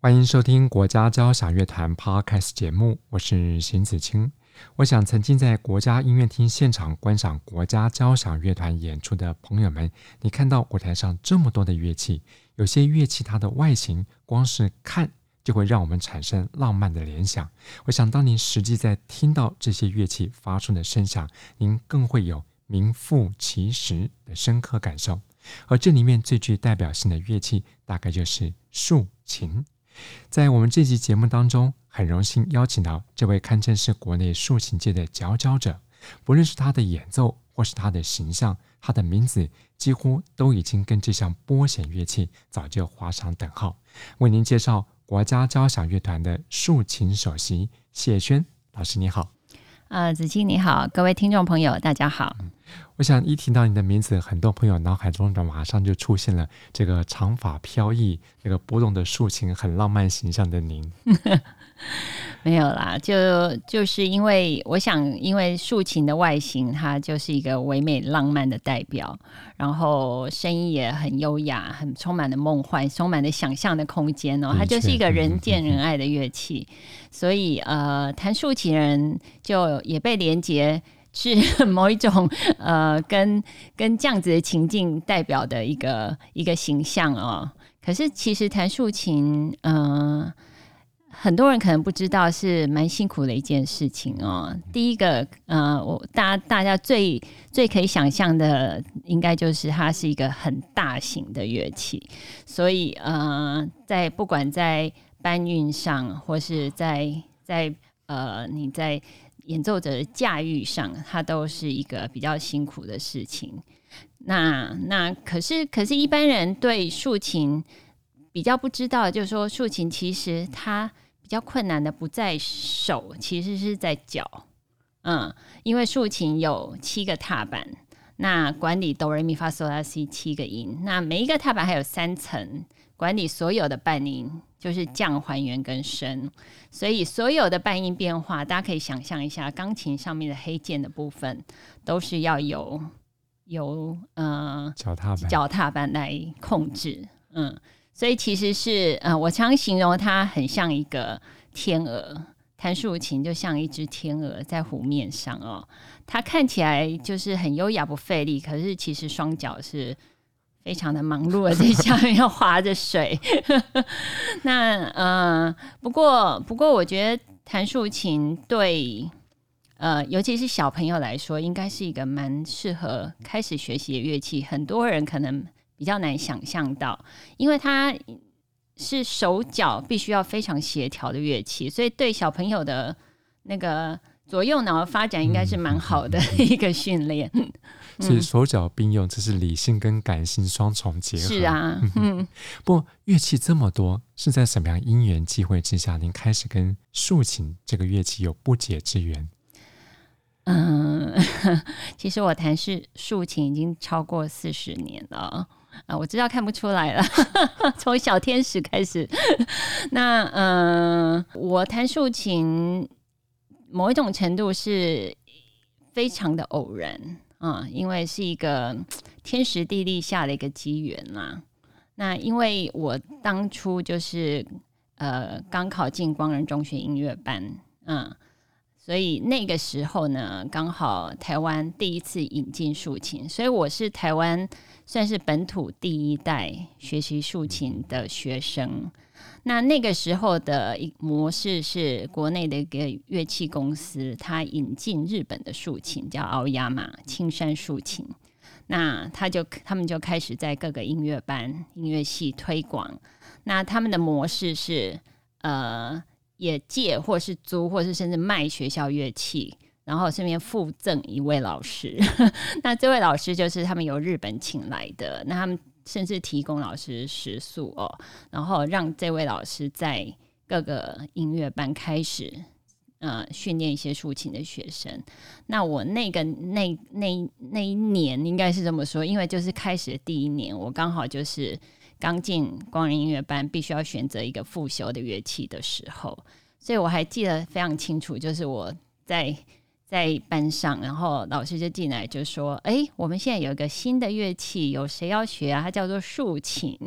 歡迎收聽國家交響樂團 Podcast 節目，我是邢子清。我想曾經在國家音樂廳現場觀賞國家交響樂團演出的朋友們，你看到舞台上這麼多的樂器，有些樂器它的外形光是看就會讓我們產生浪漫的聯想。我想當您實際在聽到這些樂器發出的聲響，您更會有名副其實的深刻感受。而這裡面最具代表性的樂器，大概就是豎琴。在我們這集節目當中，很榮幸邀請到這位堪稱是國內豎琴界的佼佼者。不論是他的演奏，或是他的形象，他的名字幾乎都已經跟這項撥弦樂器早就劃上等號。為您介紹國家交響樂團的豎琴首席解瑄老師，你好。啊、呃，子清你好，各位聽眾朋友，大家好。嗯我想一提到你的名字，很多朋友腦海中的馬上就出現了這個長髮飄逸、這個撥動的豎琴、很浪漫形象的您。 沒有啦，就就是因為我想，因為豎琴的外形，它就是一個唯美浪漫的代表，然後聲音也很優雅，很充滿了夢幻，充滿了想象的空間哦。它就是一個人見人愛的樂器，確所以呃，彈豎琴人就也被連接。是某一種呃，跟跟這樣子的情境代表的一個一個形象哦。可是其實彈豎琴，嗯、呃，很多人可能不知道是蠻辛苦的一件事情哦。第一個，嗯、呃，我大大家最最可以想象的，應該就是它是一個很大型的樂器，所以嗯、呃，在不管在搬運上，或是在在呃，你在。演奏者的駕馭上，它都是一個比較辛苦的事情。那那可是可是一般人對豎琴比較不知道，就是說豎琴其實它比較困難的不在手，其實是在腳。嗯，因為豎琴有七個踏板，那管理哆瑞咪發嗦啦西七個音，那每一個踏板還有三層。管理所有的半音就是降、還原跟升，所以所有的半音變化，大家可以想象一下，鋼琴上面的黑鍵的部分都是要由由呃腳踏板腳踏板來控制。嗯，所以其實是嗯、呃，我常形容它很像一個天鵝，彈豎琴就像一隻天鵝在湖面上哦，它看起來就是很優雅不費力，可是其實雙腳是。非常的忙碌啊，在下面要划着水。 那呃，不過不過，我覺得彈豎琴對呃，尤其是小朋友來說，應該是一個蠻適合開始學習的樂器。很多人可能比較難想象到，因為它是手腳必須要非常協調的樂器，所以對小朋友的那個。左右腦發展應該是蠻好的，嗯嗯嗯嗯，一個訓練，所以手腳並用，這是理性跟感性雙重結合，嗯。是啊，嗯。不，樂器這麼多，是在什麼樣因緣際會之下，您開始跟豎琴這個樂器有不解之緣？嗯，其實我彈是豎琴已經超過四十年了啊，我知道看不出來了，從小天使開始。那嗯，我彈豎琴。某一種程度是非常的偶然啊，嗯，因為是一個天時地利下的一個機緣啦。那因為我當初就是呃剛考進光仁中學音樂班，嗯，所以那個時候呢，剛好台灣第一次引進豎琴，所以我是台灣算是本土第一代學習豎琴的學生。那那個時候的一模式是，國內的一個樂器公司，它引進日本的豎琴，叫 Aoyama 青山豎琴。那他就他們就開始在各個音樂班、音樂系推廣。那他們的模式是，呃，也借或是租，或是甚至賣學校樂器，然後順便附贈一位老師。 那這位老師就是他們由日本請來的。那他們。甚至提供老師食宿哦，然後讓這位老師在各個音樂班開始，呃，訓練一些豎琴的學生。那我那個那那那一年應該是這麼說，因為就是開始的第一年，我剛好就是剛進光仁音樂班，必須要選擇一個副修的樂器的時候，所以我還記得非常清楚，就是我在。在班上，然後老師就進來就說：“哎、欸，我們現在有一個新的樂器，有誰要學啊？它叫做豎琴。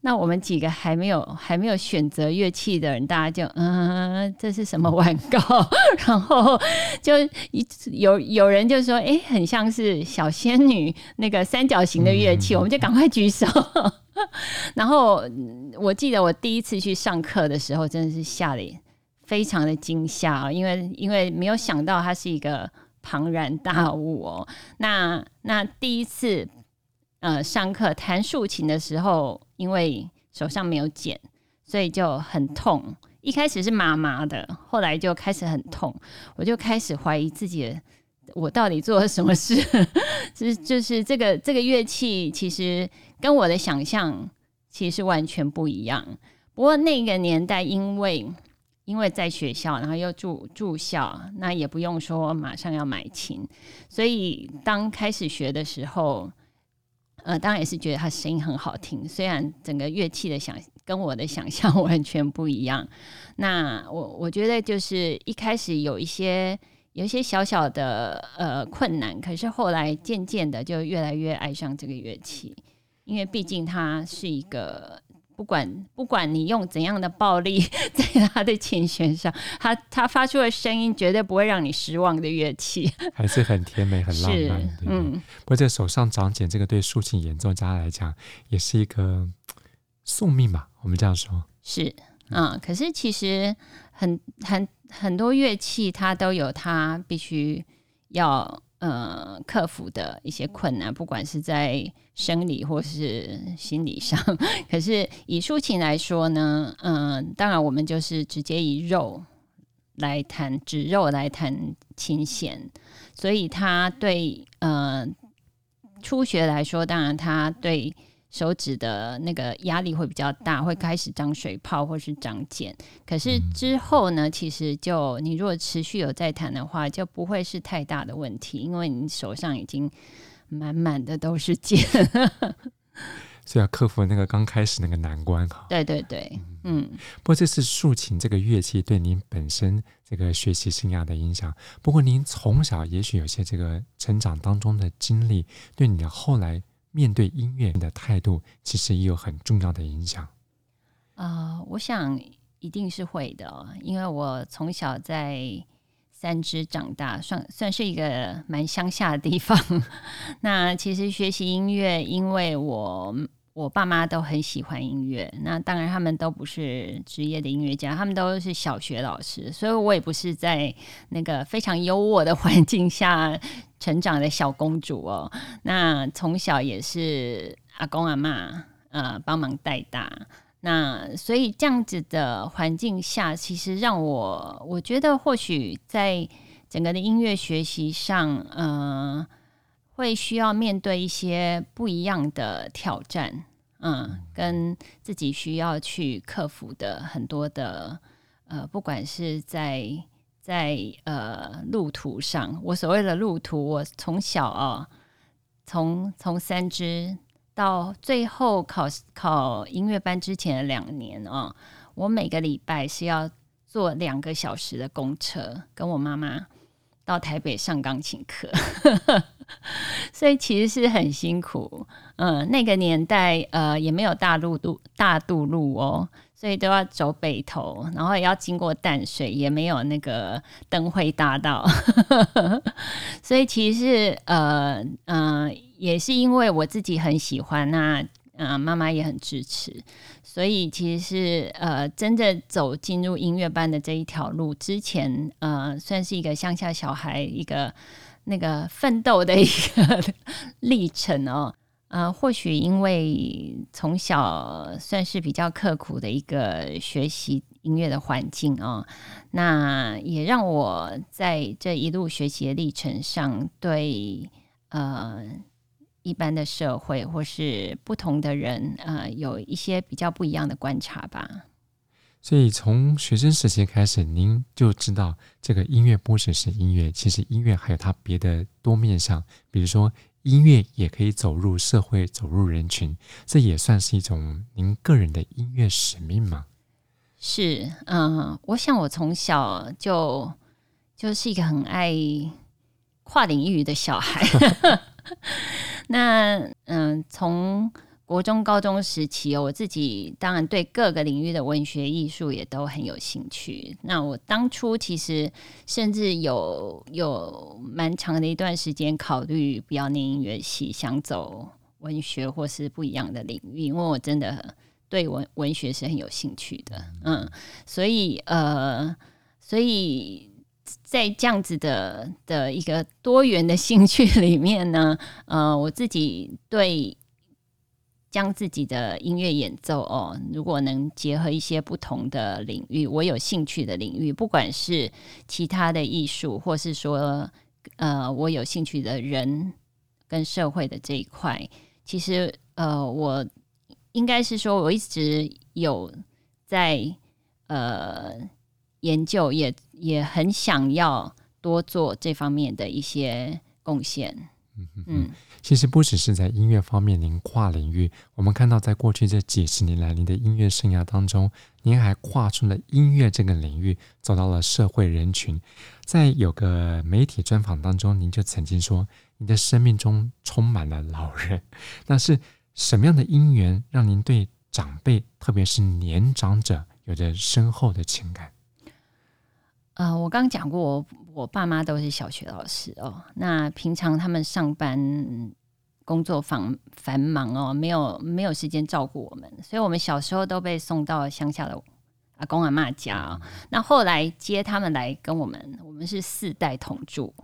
那我們幾個還沒有還沒有選擇樂器的人，大家就嗯，這是什麼玩意兒？ 然後就一有有人就說：哎、欸，很像是小仙女那個三角形的樂器，嗯、我們就趕快舉手。 然後我記得我第一次去上課的時候，真的是嚇了。”非常的驚嚇，因為因為沒有想到它是一個龐然大物哦。那那第一次呃上課彈豎琴的時候，因為手上沒有繭，所以就很痛。一開始是麻麻的，後來就開始很痛，我就開始懷疑自己，我到底做了什麼事？ 就是就是這個這個樂器，其實跟我的想象其實完全不一樣。不過那個年代，因為因為在學校，然後又住住校，那也不用說馬上要買琴，所以當開始學的時候，呃，當然也是覺得他聲音很好聽，雖然整個樂器的想跟我的想象完全不一樣。那我我覺得就是一開始有一些有一些小小的呃困難，可是後來漸漸的就越來越愛上這個樂器，因為畢竟它是一個。不管不管你用怎樣的暴力在他的琴弦上，他他發出的聲音絕對不會讓你失望的樂器，還是很甜美、很浪漫的。是對吧嗯，不過這手上長繭，這個對豎琴演奏家來講也是一個宿命吧，我們這樣說。是啊，嗯嗯、可是其實很很很多樂器它都有它必須要。呃，克服的一些困難，不管是在生理或是心理上。 可是以豎琴來說呢，嗯、呃，當然我們就是直接以肉來彈，指肉來彈琴弦，所以他對呃初學來說，當然他對。手指的那個壓力會比較大，會開始長水泡或是長繭。可是之後呢，其實就你如果持續有在彈的話，就不會是太大的問題，因為你手上已經滿滿的都是繭。所以要克服那個剛開始那個難關哈。對對對，嗯。嗯，不過這是豎琴這個樂器對您本身這個學習生涯的影響。不過您從小也許有些這個成長當中的經歷，對你的後來。面對音樂的態度，其實也有很重要的影響。啊、呃，我想一定是會的，因為我從小在三芝長大，算算是一個蠻鄉下的地方。 那其實學習音樂，因為我。我爸媽都很喜歡音樂，那當然他們都不是職業的音樂家，他們都是小學老師，所以我也不是在那個非常優渥的環境下成長的小公主哦。那從小也是阿公阿嬤呃，幫忙帶大，那所以這樣子的環境下，其實讓我我覺得或許在整個的音樂學習上，呃，會需要面對一些不一樣的挑戰。嗯，跟自己需要去克服的很多的，呃，不管是在在呃路途上，我所謂的路途，我從小哦，從從三只到最後考考音樂班之前的兩年哦，我每個禮拜是要坐兩個小時的公車，跟我媽媽。到台北上鋼琴課， 所以其實是很辛苦。嗯，那個年代，呃，也沒有大陸路大度路哦，所以都要走北投，然後也要經過淡水，也沒有那個登輝大道。 所以其實是，呃，嗯、呃，也是因為我自己很喜歡、啊，那、呃、嗯，媽媽也很支持。所以，其實是呃，真的走進入音樂班的這一條路之前，呃，算是一個鄉下小孩一個那個奮鬥的一個歷 程哦。呃，或許因為從小算是比較刻苦的一個學習音樂的環境哦，那也讓我在這一路學習的歷程上對呃。一般的社會或是不同的人，呃，有一些比較不一樣的觀察吧。所以從學生時期開始，您就知道這個音樂不只是音樂，其實音樂還有它別的多面向，比如說，音樂也可以走入社會，走入人群。這也算是一種您個人的音樂使命嗎？是，嗯，我想我從小就就是一個很愛跨領域的小孩。 那嗯，從國中、高中時期，我自己當然對各個領域的文學、藝術也都很有興趣。那我當初其實甚至有有蠻長的一段時間考慮不要念音樂系，想走文學或是不一樣的領域，因為我真的對文文學是很有興趣的。嗯，所以呃，所以。在這樣子的的一個多元的興趣裡面呢，呃，我自己對將自己的音樂演奏哦，如果能結合一些不同的領域，我有興趣的領域，不管是其他的藝術，或是說呃，我有興趣的人跟社會的這一塊，其實呃，我應該是說我一直有在呃。研究，也也很想要多做這方面的一些貢獻。嗯嗯，嗯，其實不只是在音樂方面，您跨領域，我們看到在過去這幾十年來，您的音樂生涯當中，您還跨出了音樂這個領域，走到了社會人群。在有個媒體專訪當中，您就曾經說，你的生命中充滿了老人。那是什麼樣的因緣，讓您對長輩，特別是年長者，有着深厚的情感？呃，我剛剛講過，我我爸媽都是小學老師哦。那平常他們上班工作繁繁忙哦，沒有沒有時間照顧我們，所以我們小時候都被送到鄉下的阿公阿嬤家哦。嗯。那後來接他們來跟我們，我們是四代同住，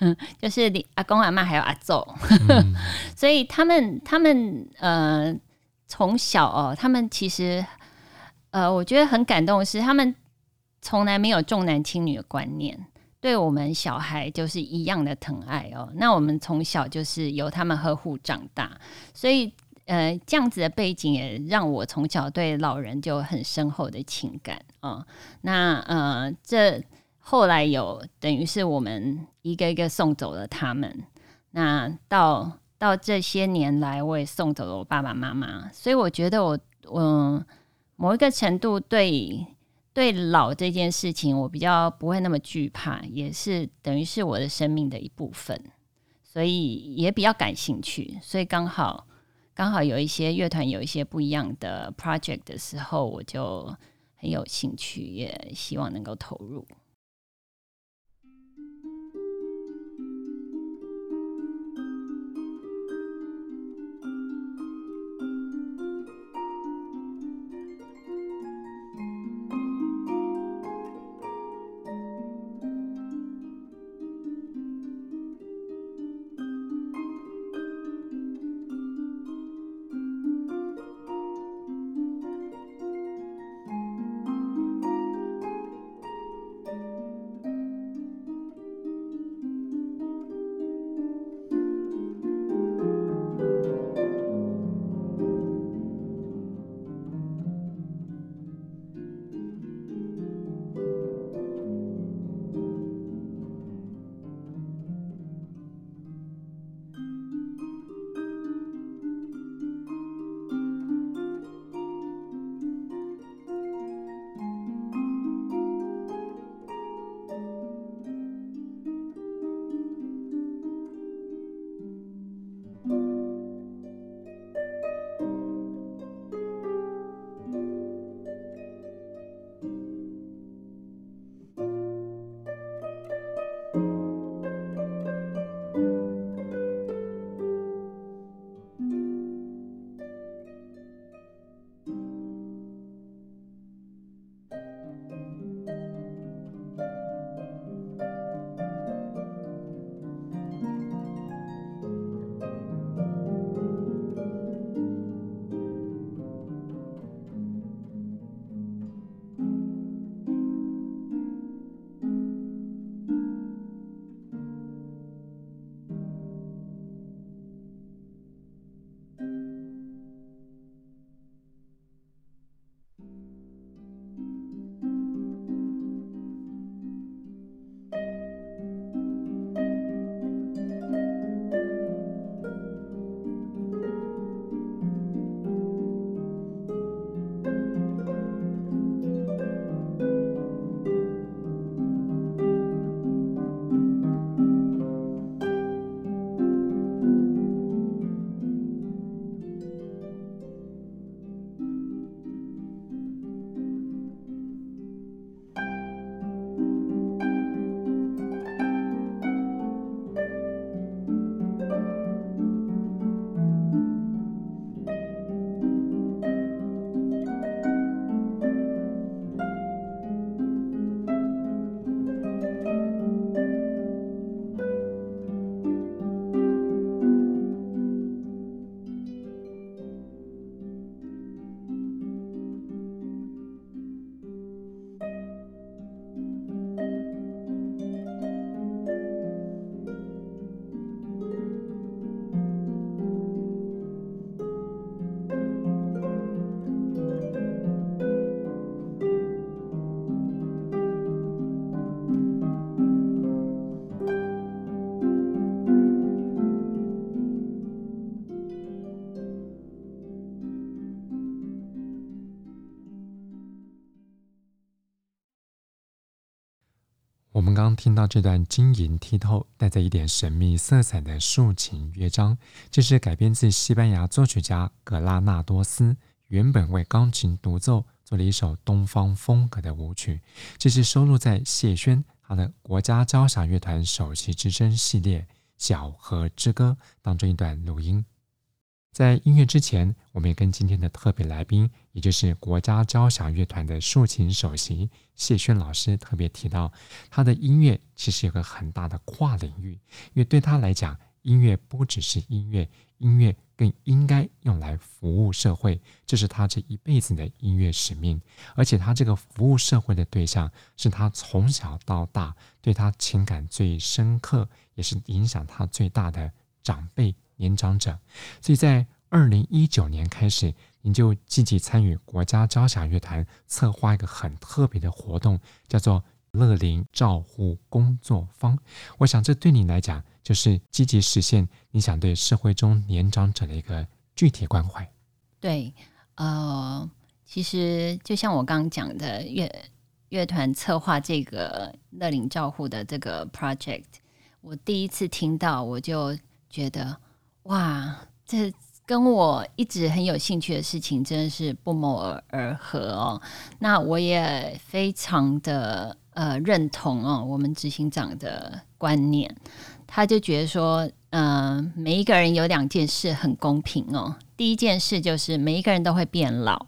嗯，就是阿公阿嬤還有阿祖，呵呵。嗯。所以他們他們呃從小哦，他們其實呃，我覺得很感動的是他們。從來沒有重男輕女的觀念，對我們小孩就是一樣的疼愛哦。那我們從小就是由他們呵護長大，所以呃，這樣子的背景也讓我從小對老人就很深厚的情感哦。那呃，這後來有等於是我們一個一個送走了他們，那到到這些年來我也送走了我爸爸媽媽，所以我覺得我嗯、呃，某一個程度對。對老這件事情，我比較不會那麼懼怕，也是等於是我的生命的一部分，所以也比較感興趣。所以剛好剛好有一些樂團有一些不一樣的 project 的時候，我就很有興趣，也希望能夠投入。聽到這段晶瑩剔透、帶着一點神祕色彩的豎琴樂章，這是改編自西班牙作曲家格拉納多斯原本為鋼琴獨奏做了一首東方風格的舞曲，這是收錄在解瑄他的國家交響樂團首席之聲系列《小河之歌》當中一段錄音。在音樂之前，我們也跟今天的特別來賓，也就是國家交響樂團的豎琴首席解瑄老師特別提到，她的音樂其實有個很大的跨領域，因為對她來講，音樂不只是音樂，音樂更應該用來服務社會，這是她這一輩子的音樂使命。而且，她這個服務社會的對象是她從小到大對她情感最深刻，也是影響她最大的長輩。年長者，所以在二零一九年開始，您就積極參與國家交響樂團策劃一個很特別的活動，叫做“樂齡照護工作坊”，我想這對你來講，就是積極實現你想對社會中年長者的一個具體關懷。對，呃，其實就像我剛剛講的樂，樂樂團策劃這個樂齡照護的這個 project，我第一次聽到，我就覺得。哇，這跟我一直很有興趣的事情真的是不謀而合哦。那我也非常的呃認同哦，我們執行長的觀念，他就覺得說，呃，每一個人有兩件事很公平哦。第一件事就是每一個人都會變老。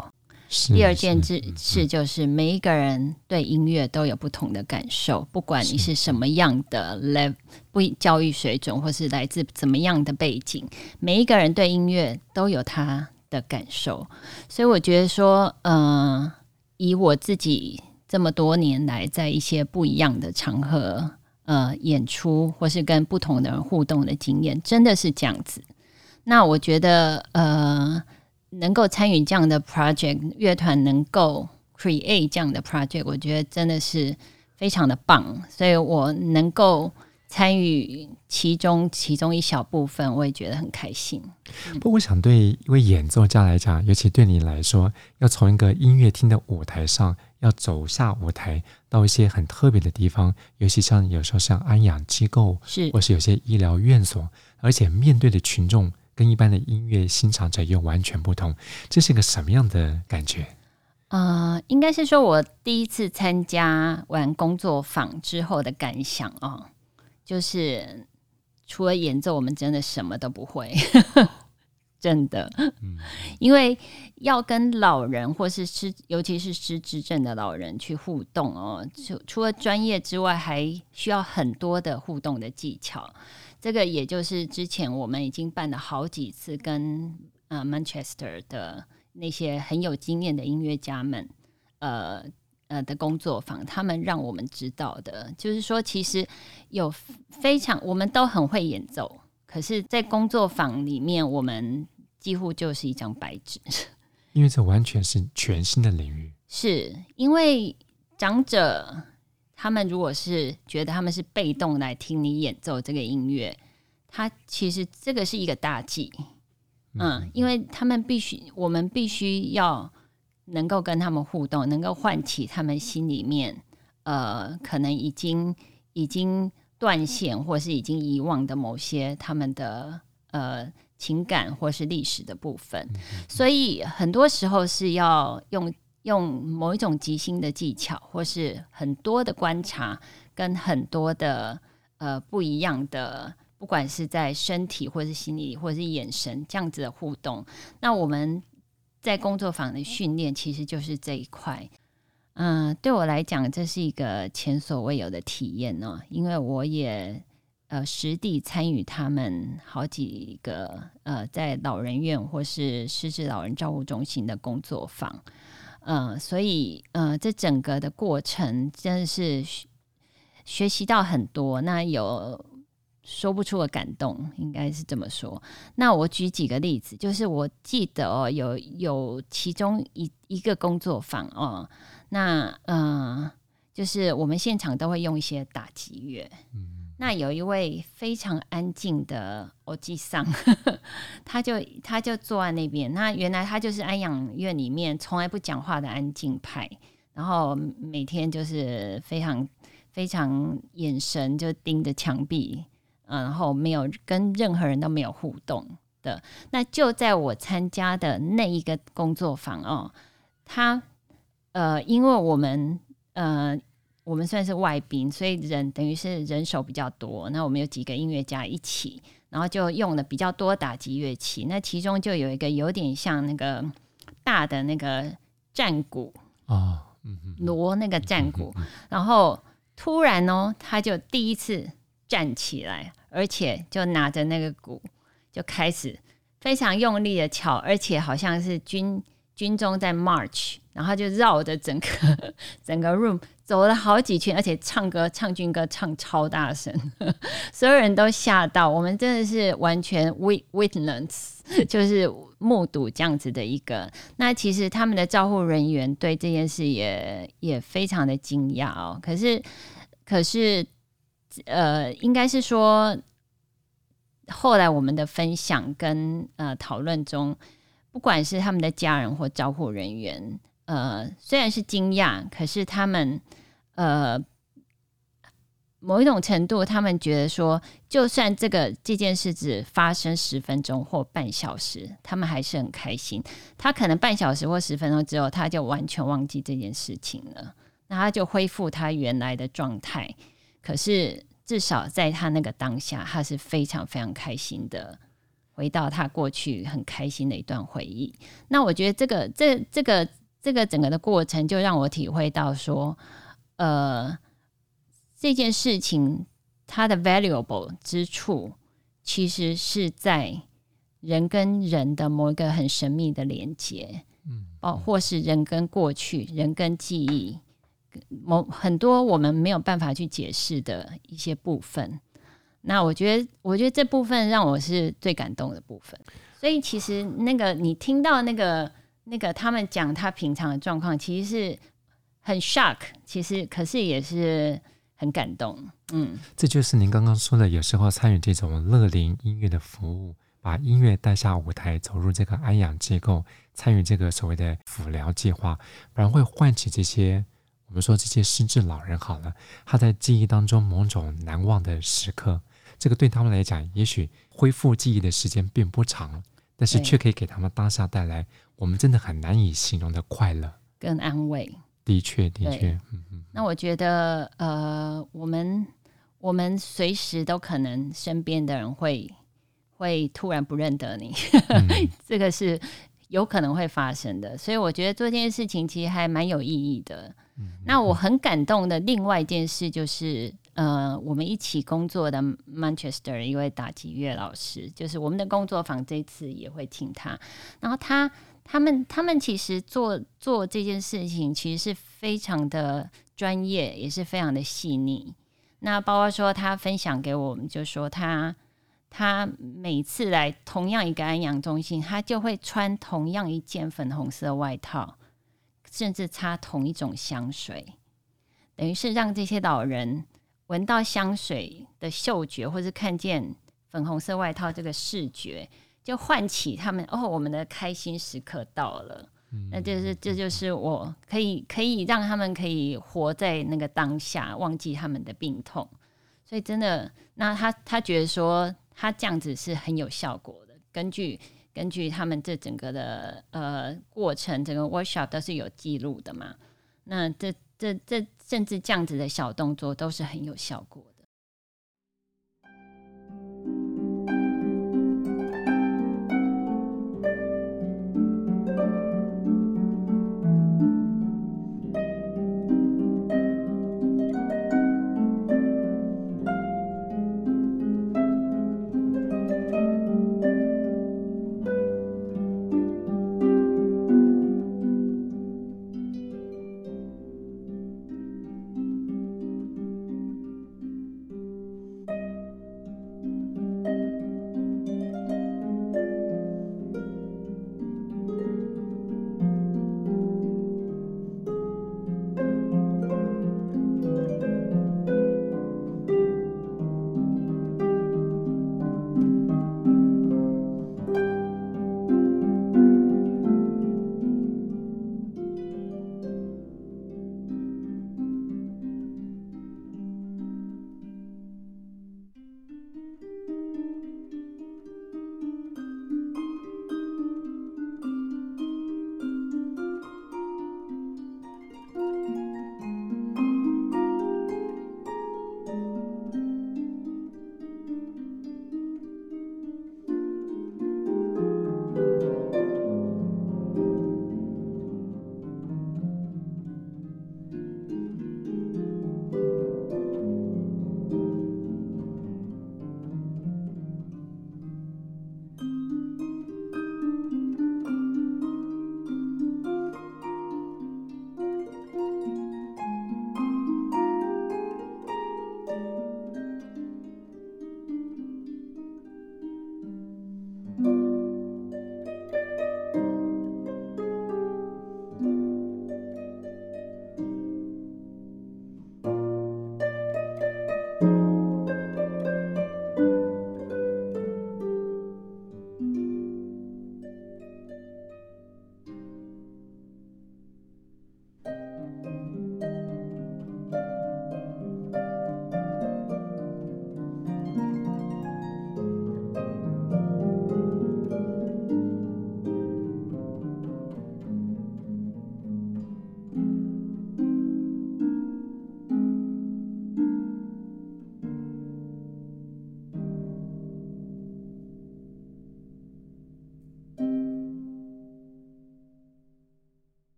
第二件事就是，每一個人對音樂都有不同的感受，不管你是什麼樣的來，不教育水準，或是來自怎麼樣的背景，每一個人對音樂都有他的感受。所以我覺得說，呃，以我自己這麼多年來在一些不一樣的場合，呃，演出或是跟不同的人互動的經驗，真的是這樣子。那我覺得，呃。能夠參與這樣的 project 樂團，能夠 create 這樣的 project，我覺得真的是非常的棒。所以我能夠參與其中，其中一小部分，我也覺得很開心。不過，我想對一位演奏家來講，尤其對你來說，要從一個音樂廳的舞台上要走下舞台，到一些很特別的地方，尤其像有時候像安養機構，是或是有些醫療院所，而且面對的群眾。跟一般的音樂欣賞者又完全不同，這是一個什麼樣的感覺？呃，應該是說我第一次參加完工作坊之後的感想啊、哦，就是除了演奏，我們真的什麼都不會， 真的。嗯，因為要跟老人或是失，尤其是失智症的老人去互動哦，除除了專業之外，還需要很多的互動的技巧。這個也就是之前我們已經辦了好幾次跟呃 Manchester 的那些很有經驗的音樂家們，呃呃的工作坊，他們讓我們知道的，就是說其實有非常我們都很會演奏，可是，在工作坊裡面，我們幾乎就是一張白紙，因為這完全是全新的領域，是因為長者。他們如果是覺得他們是被動來聽你演奏這個音樂，他其實這個是一個大忌，嗯，因為他們必須，我們必須要能夠跟他們互動，能夠喚起他們心裡面，呃，可能已經已經斷線或是已經遺忘的某些他們的呃情感或是歷史的部分，所以很多時候是要用。用某一種即興的技巧，或是很多的觀察，跟很多的呃不一樣的，不管是在身體，或是心理，或是眼神這樣子的互動，那我們在工作坊的訓練其實就是這一塊。嗯、呃，對我來講，這是一個前所未有的體驗呢、喔，因為我也呃實地參與他們好幾個呃在老人院或是失智老人照顧中心的工作坊。嗯、呃，所以，呃，這整個的過程真的是學習到很多，那有說不出的感動，應該是這麼說。那我舉幾個例子，就是我記得哦，有有其中一一個工作坊哦，那呃，就是我們現場都會用一些打擊樂，嗯那有一位非常安靜的歐吉桑呵呵，他就他就坐在那邊。那原來他就是安養院裡面從來不講話的安靜派，然後每天就是非常非常眼神就盯着牆壁，嗯，然後沒有跟任何人都沒有互動的。那就在我參加的那一個工作坊哦，他呃，因為我們呃。我們算是外賓，所以人等於是人手比較多。那我們有幾個音樂家一起，然後就用了比較多打擊樂器。那其中就有一個有點像那個大的那個戰鼓哦，嗯嗯，鑼那個戰鼓。然後突然哦、喔，他就第一次站起來，而且就拿着那個鼓，就開始非常用力的敲，而且好像是軍軍中在 march，然後就繞着整個整個 room。走了好幾圈，而且唱歌唱軍歌唱超大聲，所有人都嚇到。我們真的是完全 witness，就是目睹這樣子的一個。 那其實他們的照護人員對這件事也也非常的驚訝哦。可是可是呃，應該是說，後來我們的分享跟呃討論中，不管是他們的家人或照護人員，呃，雖然是驚訝，可是他們。呃，某一種程度，他們覺得說，就算這個這件事只發生十分鐘或半小時，他們還是很開心。他可能半小時或十分鐘之後，他就完全忘記這件事情了，那他就恢復他原來的狀態。可是至少在他那個當下，他是非常非常開心的，回到他過去很開心的一段回憶。那我覺得這個這這個這個整個的過程就讓我體會到說，呃，這件事情它的 valuable 之處，其實是在人跟人的某一個很神秘的連接，嗯，哦，或是人跟過去、人跟記憶，某很多我們沒有辦法去解釋的一些部分。那我覺得，我覺得這部分讓我是最感動的部分。所以其實那個你聽到那個那個他們講他平常的狀況，其實是。很 shock，其實可是也是很感動。嗯，這就是您剛剛說的，有時候參與這種樂齡音樂的服務，把音樂帶下舞台，走入這個安養機構，參與這個所謂的輔療計劃，反而會喚起這些我們說這些失智老人，好了，他在記憶當中某種難忘的時刻。這個對他們來講，也許恢復記憶的時間並不長，但是卻可以給他們當下帶來我們真的很難以形容的快樂跟安慰。的確，的確。嗯嗯。那我覺得，呃，我們我們隨時都可能身邊的人會會突然不認得你，嗯呵呵，這個是有可能會發生的。所以我覺得做這件事情其實還蠻有意義的。嗯嗯、那我很感動的另外一件事就是，呃，我們一起工作的 Manchester 一位打擊樂老師，就是我們的工作坊這次也會請他，然後他，他們他們其實做做這件事情其實是非常的專業，也是非常的細膩。那包括說他分享給我們，就說他他每次來同樣一個安養中心，他就會穿同樣一件粉紅色外套，甚至擦同一種香水，等於是讓這些老人聞到香水的嗅覺，或是看見粉紅色外套這個視覺。就喚起他們哦，我們的開心時刻到了，嗯，那就是這就是我可以可以讓他們可以活在那個當下，忘記他們的病痛。所以真的，那他他覺得說他這樣子是很有效果的。根據根據他們這整個的呃過程，整個 workshop 都是有記錄的嘛。那這這這甚至這樣子的小動作都是很有效果的。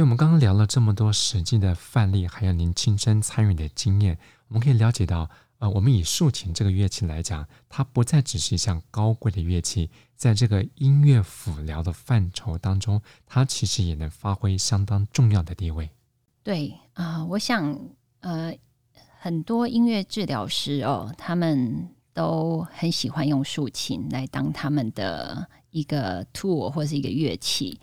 所以，我們剛剛聊了這麼多實際的範例，還有您親身參與的經驗，我們可以了解到，呃，我們以豎琴這個樂器來講，它不再只是一項高貴的樂器，在這個音樂輔療的範疇當中，它其實也能發揮相當重要的地位。對，啊、呃，我想，呃，很多音樂治療師哦，他們都很喜歡用豎琴來當他們的一個 tool 或是一個樂器。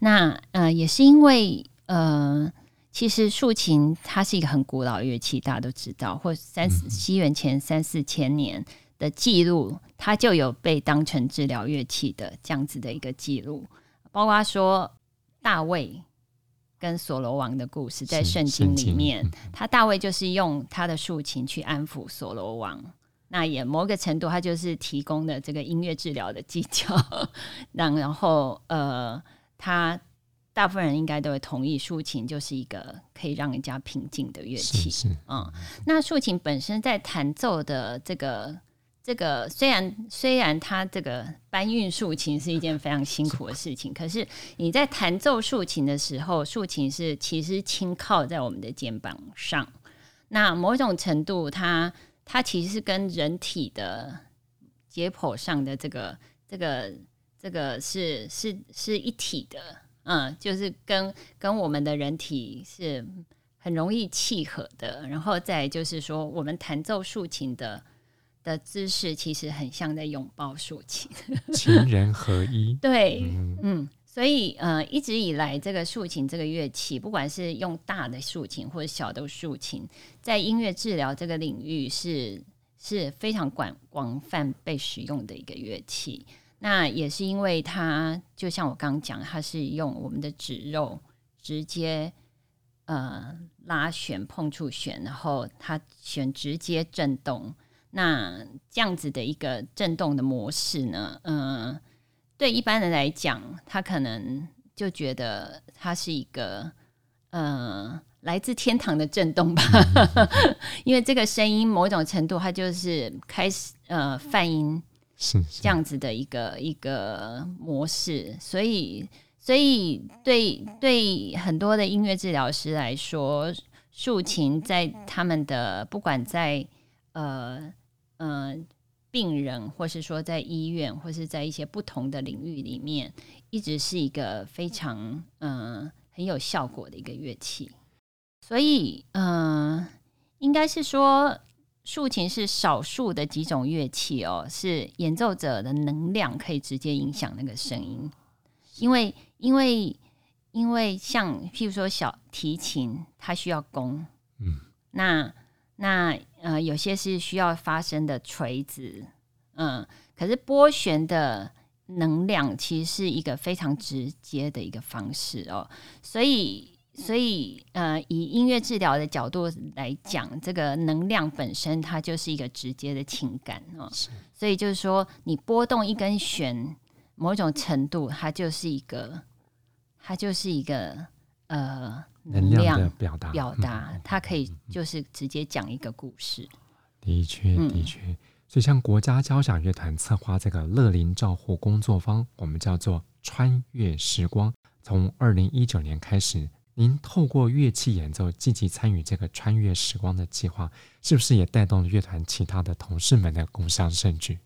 那呃，也是因為呃，其實豎琴它是一個很古老樂器，大家都知道，或是三四西元前三四千年的記錄，嗯、哼它就有被當成治療樂器的這樣子的一個記錄。包括說大衛跟所羅王的故事，是在聖經裡面，經他大衛就是用他的豎琴去安撫所羅王，那也某個程度他就是提供了這個音樂治療的技巧。那、嗯、哼 然後呃。他大部分人應該都會同意，豎琴就是一個可以讓人家平靜的樂器。是是 嗯，那豎琴本身在彈奏的這個這個，雖然雖然它這個搬運豎琴是一件非常辛苦的事情，是嗎可是你在彈奏豎琴的時候，豎琴是其實輕靠在我們的肩膀上。那某種程度他，它它其實是跟人體的解剖上的這個這個。這個是是是一體的，嗯，就是跟跟我們的人體是很容易契合的。然後再就是說，我們彈奏豎琴的的姿勢，其實很像在擁抱豎琴，情人合一。 對，嗯，嗯，所以呃，一直以來，這個豎琴這個樂器，不管是用大的豎琴或者小的豎琴，在音樂治療這個領域是是非常廣廣泛被使用的一個樂器。那也是因為它，就像我剛剛講，它是用我們的指肉直接呃拉弦碰觸弦，然後它弦直接震動。那這樣子的一個震動的模式呢，嗯、呃，對一般人來講，他可能就覺得它是一個呃來自天堂的震動吧，嗯嗯嗯、 因為這個聲音某種程度它就是開始呃泛音。是，是這樣子的一個一個模式，所以所以對對很多的音樂治療師來說，豎琴在他們的不管在呃嗯、呃、病人，或是說在醫院，或是，在一些不同的領域裡面，一直是一個非常嗯、呃、很有效果的一個樂器，所以嗯、呃，應該是說。豎琴是少數的幾種樂器哦，是演奏者的能量可以直接影響那個聲音，因為因為因為像譬如說小提琴，它需要弓，嗯，那那呃有些是需要發聲的錘子，嗯，可是撥弦的能量其實是一個非常直接的一個方式哦，所以。所以，呃，以音樂治療的角度來講，這個能量本身它就是一個直接的情感哦。是。所以就是說，你撥動一根弦，某種程度，它就是一個，它就是一個呃能量表達，的表達、嗯、它可以就是直接講一個故事。嗯、的確，的確。所以，像國家交響樂團策劃這個樂齡照護工作坊，我們叫做穿樂時光，從二零一九年開始。您透過樂器演奏積極參與這個穿樂時光的計劃，是不是也帶動了樂團其他的同事們的共襄盛舉？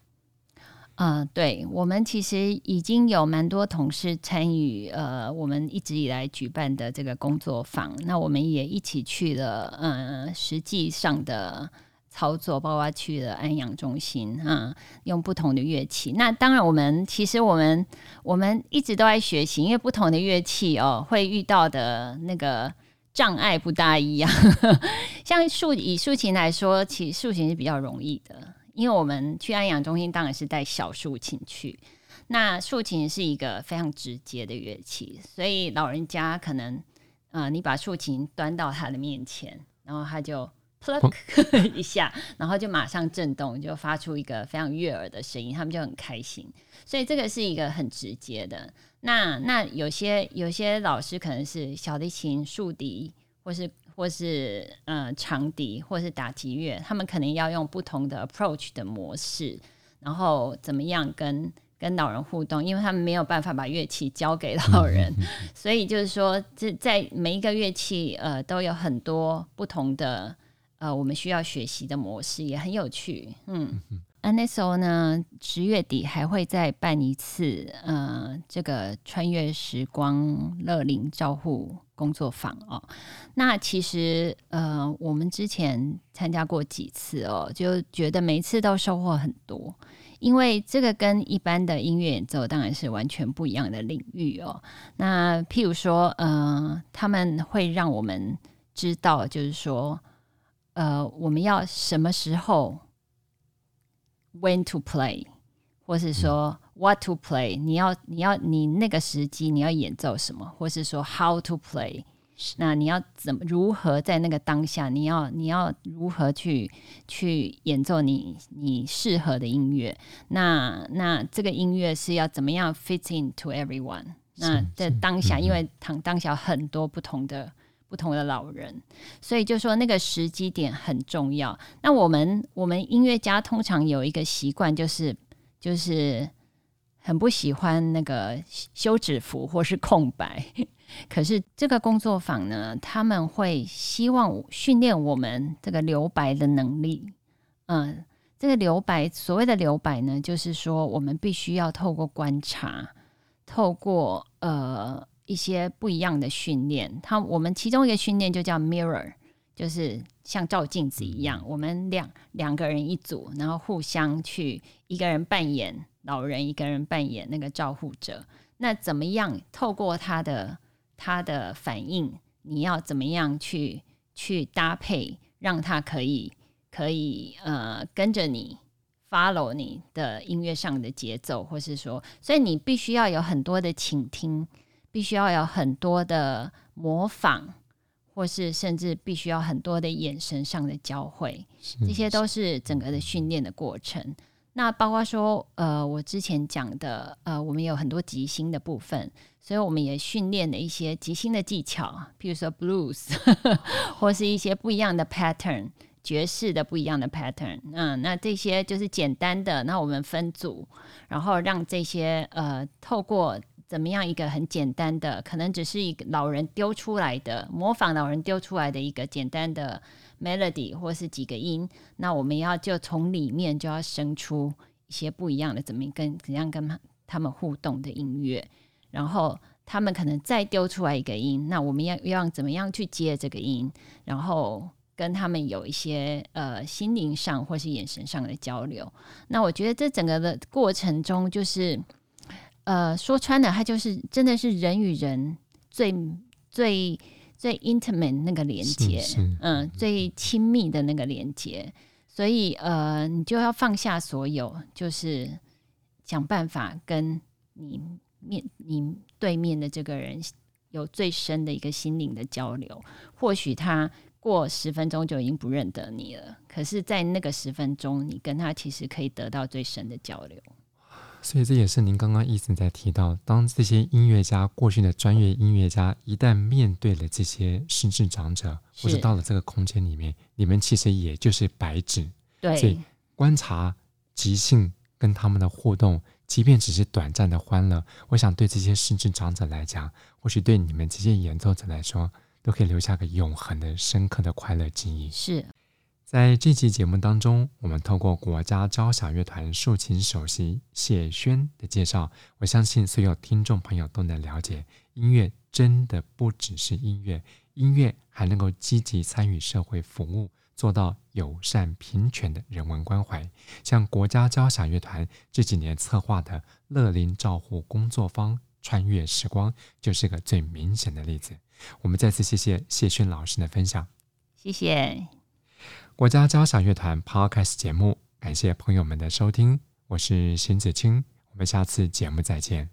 嗯、呃，對，我們其實已經有蠻多同事參與，呃，我們一直以來舉辦的這個工作坊，那我們也一起去了，嗯、呃，實際上的。操作，包括去了安養中心啊、嗯，用不同的樂器。那當然，我們其實我們我們一直都在學習，因為不同的樂器哦，會遇到的那個障礙不大一樣。 像豎以豎琴來說，其實豎琴是比較容易的，因為我們去安養中心當然是帶小豎琴去。那豎琴是一個非常直接的樂器，所以老人家可能啊、呃，你把豎琴端到他的面前，然後他就。pluck 一下，然後就馬上震動，就發出一個非常悅耳的聲音，他們就很開心。所以這個是一個很直接的。那那有些有些老師可能是小提琴、豎笛，或是或是嗯、呃、長笛，或是打擊樂，他們可能要用不同的 approach 的模式，然後怎麼樣跟跟老人互動，因為他們沒有辦法把樂器交給老人， 所以就是說，這在每一個樂器呃都有很多不同的。呃，我們需要學習的模式也很有趣。嗯，NSO、嗯哼啊、呢，十月底還會再辦一次，呃，這個穿樂時光樂齡照護工作坊哦。那其實，呃，我們之前參加過幾次哦，就覺得每一次都收穫很多，因為這個跟一般的音樂演奏當然是完全不一樣的領域哦。那譬如說，呃，他們會讓我們知道，就是說。呃，我們要什麼時候？When to play，或是說 What to play？你要你要你那個時機，你要演奏什麼？或是說 How to play？那你要怎麼如何在那個當下，你要你要如何去去演奏你你適合的音樂？那那這個音樂是要怎麼樣 fit into everyone？那在當下，嗯、因為當當下很多不同的。不同的老人，所以就說那個時機點很重要。那我們我們音樂家通常有一個習慣，就是就是很不喜歡那個休止符或是空白。 可是這個工作坊呢，他們會希望訓練我們這個留白的能力。嗯，這個留白，所謂的留白呢，就是說我們必須要透過觀察，透過呃。一些不一樣的訓練，他，我們其中一個訓練就叫 mirror，就是像照鏡子一樣，我們兩兩個人一組，然後互相去一個人扮演老人，一個人扮演那個照護者。那怎麼樣透過他的他的反應，你要怎麼樣去去搭配，讓他可以可以呃跟着你 follow 你的音樂上的節奏，或是說，所以你必須要有很多的傾聽。必須要有很多的模仿，或是甚至必須要很多的眼神上的交匯，這些都是整個的訓練的過程。那包括說，呃，我之前講的，呃，我們有很多即興的部分，所以我們也訓練了一些即興的技巧，譬如說 blues，或是一些不一樣的 pattern，爵士的不一樣的 pattern。嗯，那這些就是簡單的，那我們分組，然後讓這些呃透過。怎麼樣？一個很簡單的，可能只是一個老人丟出來的，模仿老人丟出來的一個簡單的 melody，或是幾個音。那我們要就從裡面就要生出一些不一樣的，怎麼跟怎樣跟他們互動的音樂。然後他們可能再丟出來一個音，那我們要要怎麼樣去接這個音，然後跟他們有一些呃心靈上或是眼神上的交流。那我覺得這整個的過程中就是。呃，說穿了，他就是真的是人與人最最最 intimate 那個連接，嗯，呃，最親密的那個連接。所以，呃，你就要放下所有，就是想辦法跟你面你對面的這個人有最深的一個心靈的交流。或許他過十分鐘就已經不認得你了，可是，在那個十分鐘，你跟他其實可以得到最深的交流。所以這也是您剛剛一直在提到，當這些音樂家過去的專業音樂家一旦面對了這些失智長者，或者到了這個空間裡面，是你們其實也就是白紙。對，所以觀察即興跟他們的互動，即便只是短暫的歡樂，我想對這些失智長者來講，或許對你們這些演奏者來說，都可以留下個永恆的、深刻的快樂記憶。是。在這期節目當中，我們透過國家交響樂團豎琴首席解瑄的介紹，我相信所有聽眾朋友都能了解，音樂真的不只是音樂，音樂還能夠積極參與社會服務，做到友善、平權的人文關懷。像國家交響樂團這幾年策劃的“樂齡照護工作坊”“穿樂時光”，就是個最明顯的例子。我們再次謝謝解瑄老師的分享，謝謝。國家交響樂團 Podcast 節目，感謝朋友們的收聽，我是邢子青，我們下次節目再見。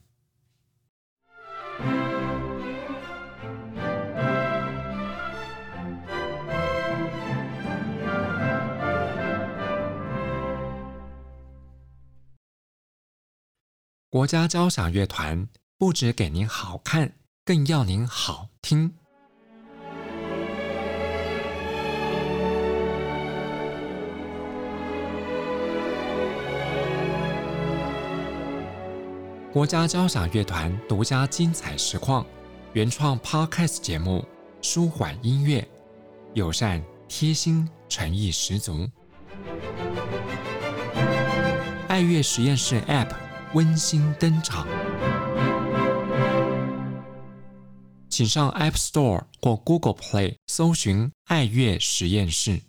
國家交響樂團不只給您好看，更要您好聽。國家交響樂團獨家精彩實況，原創 Podcast 節目，舒緩音樂，友善貼心，誠意十足。愛樂實驗室 App 溫馨登場，請上 App Store 或 Google Play 搜尋“愛樂實驗室”。